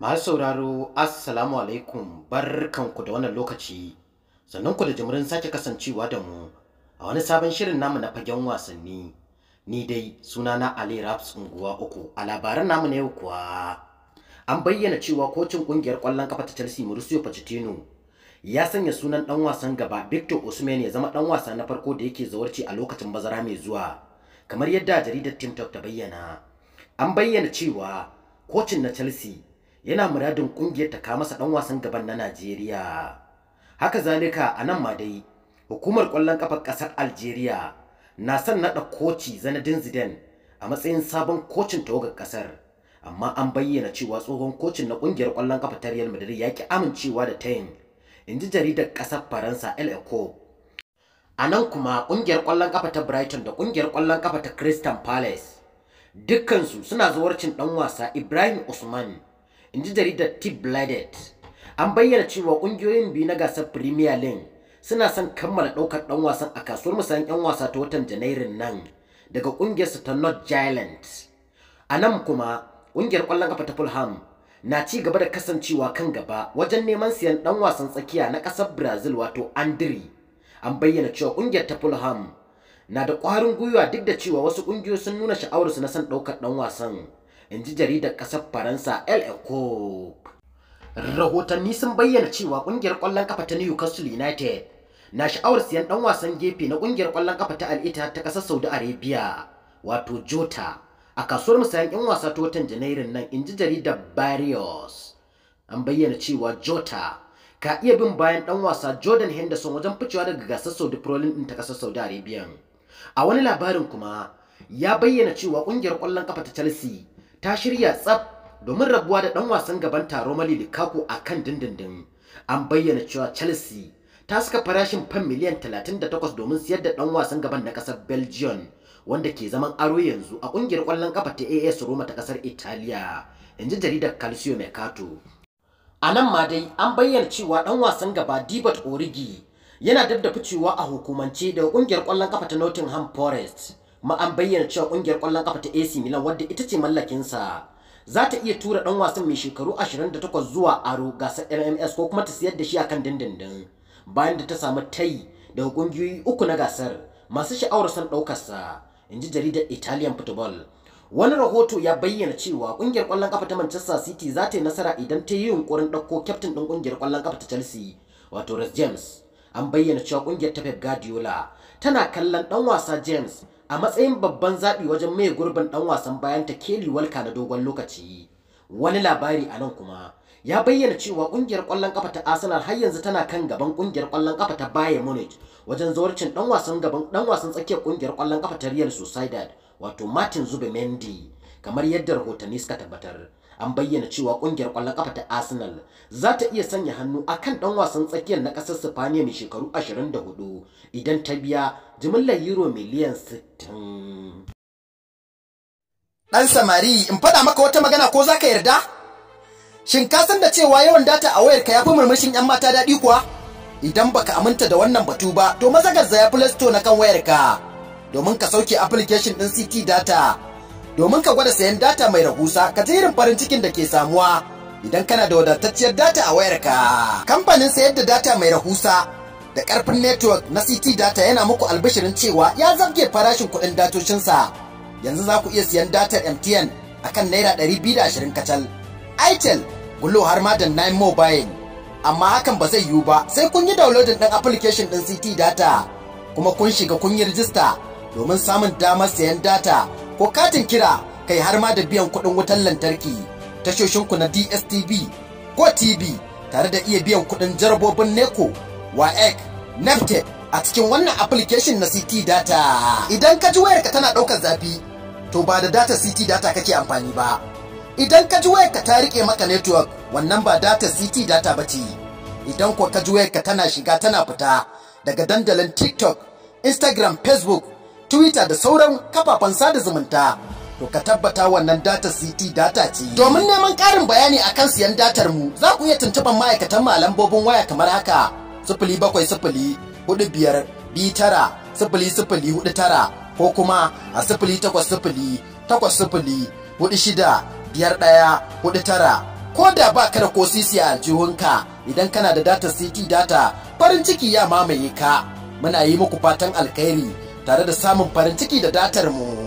masu sauraro assalamu alaikum barkanku da wannan lokaci sannan ku da jimirin sake kasancewa da mu a wani sabon shirin namu na fagen wasanni ni dai suna na ali raps unguwa uku a labaran namu na yau kuwa an bayyana cewa kocin ƙungiyar kwallon kafa ta chelsea mauricio pochettino ya sanya sunan ɗan wasan gaba victor osimhen ya zama ɗan wasa na farko da yake zawarci a lokacin bazara mai zuwa kamar yadda jaridar team talk ta bayyana an bayyana cewa kocin na chelsea yana muradin kungiyar ta kama masa dan wasan gaban na Najeriya haka zalika a nan ma dai hukumar kwallon kafar kasar Algeria na san naɗa koci Zinedine Zidane a matsayin sabon kocin tawagar kasar amma an bayyana cewa tsohon kocin na kungiyar kwallon kafa ta Real Madrid ya ki amincewa da tayin inji jaridar kasar Faransa El eco a nan kuma kungiyar kwallon kafa ta Brighton da kungiyar kwallon kafa ta Crystal Palace dukkansu suna zuwarcin dan wasa Ibrahim Usman in ji jaridar t bladed an bayyana cewa ƙungiyoyin biyu na gasar premier league suna son kammala ɗaukar ɗan wasan a kasuwar musayan 'yan wasa ta watan janairun nan daga ƙungiyarsu ta north giant a nan kuma ƙungiyar ƙwallon kafa ta fulham na ci gaba da kasancewa kan gaba wajen neman siyan ɗan wasan tsakiya na ƙasar brazil wato andri an bayyana cewa ƙungiyar ta fulham na da ƙwarin gwiwa duk da cewa wasu ƙungiyoyi sun nuna sha'awarsu na son ɗaukar ɗan wasan in ji jaridar ƙasar faransa eco rahotanni sun bayyana cewa ƙungiyar ƙwallon kafa ta newcastle united na sha'awar siyan ɗan wasan gefe na ƙungiyar ƙwallon kafa ta al'ita ta ƙasar saudi arabia wato jota a kasuwar musayan 'yan wasa ta watan janairun nan in ji jaridar barrios an bayyana cewa jota ka iya bin bayan ɗan wasa Jordan Henderson wajen ficewa daga gasar Saudi Pro League ta kasar Saudi Arabia. A wani labarin kuma ya bayyana cewa ƙungiyar ƙwallon kafa ta Chelsea ta shirya tsab domin rabuwa da ɗan wasan gaban taro Mali Lukaku a kan dindindin. An bayyana cewa Chelsea ta saka farashin fan miliyan 38 domin siyar da ɗan wasan gaban na ƙasar Belgium wanda ke zaman aro yanzu a ƙungiyar ƙwallon ƙafa ta AS Roma ta ƙasar Italiya, in ji jaridar Calcio Mercato. A nan ma dai an bayyana cewa ɗan wasan gaba dibat Origi yana dab da ficewa a hukumance daga ƙungiyar ƙwallon ƙafa ta Nottingham Forest. ma an bayyana cewa kungiyar kwallon kafa ta AC Milan wadda ita ce mallakinsa za ta iya tura dan wasan mai shekaru 28 zuwa aro gasar LMS ko kuma ta siyar da shi akan dindindin bayan da ta samu tai daga kungiyoyi uku na gasar masu sha'awar san daukar sa inji jaridar Italian Football wani rahoto ya bayyana cewa kungiyar kwallon kafa ta Manchester City za ta yi nasara idan ta yi yunkurin dauko kyaftin din kungiyar kwallon kafa ta Chelsea wato Reece James an bayyana cewa kungiyar ta Pep Guardiola tana kallon dan wasa James a matsayin babban zaɓi wajen mai gurbin ɗan wasan bayan ta keli walka na dogon lokaci. Wani labari a nan kuma ya bayyana cewa ƙungiyar ƙwallon ƙafa ta Arsenal har yanzu tana kan gaban ƙungiyar ƙwallon ƙafa ta Bayern Munich wajen zawarcin ɗan wasan gaban ɗan wasan tsakiyar ƙungiyar ƙwallon ƙafa ta Real Sociedad wato Martin Zubimendi kamar yadda rahotanni suka tabbatar. an bayyana cewa ƙungiyar ƙwallon ƙafa ta Arsenal za ta iya sanya hannu a kan ɗan wasan tsakiyar na ƙasar sifaniya mai shekaru 24 idan ta biya jimillar euro miliyan Ɗan samari, in faɗa maka wata magana ko za ka yarda? Shin ka san da cewa yawan data a wayarka ya fi murmushin 'yan mata daɗi kuwa? Idan baka aminta da wannan batu ba, to maza ya Play Store na kan wayarka domin ka sauke application ɗin CT Data. Domin ka gwada sayan data mai rahusa, ka ji irin farin cikin da ke samuwa idan kana da wadatacciyar data a wayarka. Kamfanin sayar da data mai rahusa da karfin network na CT data yana muku albishirin cewa ya zabge farashin kuɗin datocinsa. Yanzu za ku iya siyan datar MTN a kan Naira 220 kacal. Itel, gulo har ma da Nine Mobile. Amma hakan ba zai yiwu ba sai kun yi downloading ɗin application ɗin CT data. Kuma kun shiga kun yi rijista domin samun damar sayan data ko katin kira kai har ma da biyan kuɗin wutar lantarki. Tashoshinku na DSTV, ko TV, tare da iya biyan kuɗin jarabobin wa WAEC naftek a cikin wannan application na ct data idan ka ji wayarka tana ɗaukar zafi to ba da data ct data kake amfani ba idan ka ji wayarka ta riƙe maka network wannan ba data ct data ba ce idan ko ka ji wayarka tana shiga tana fita daga dandalin tiktok instagram facebook twitter da sauran kafafen sada zumunta to ka tabbata wannan data ct data ce domin neman ƙarin bayani akan siyan datar mu za ku iya tuntuɓar ma'aikatan malambobin waya kamar haka sifili bakwai sifili hudu biyar bi tara sifili sifili hudu tara ko kuma a sifili takwas sifili takwas sifili hudu shida biyar ɗaya hudu tara ko da ba ka da ko sisi a aljihunka idan kana da data city data farin ciki ya mamaye ka muna yi muku fatan alkhairi tare da samun farin ciki da datar mu.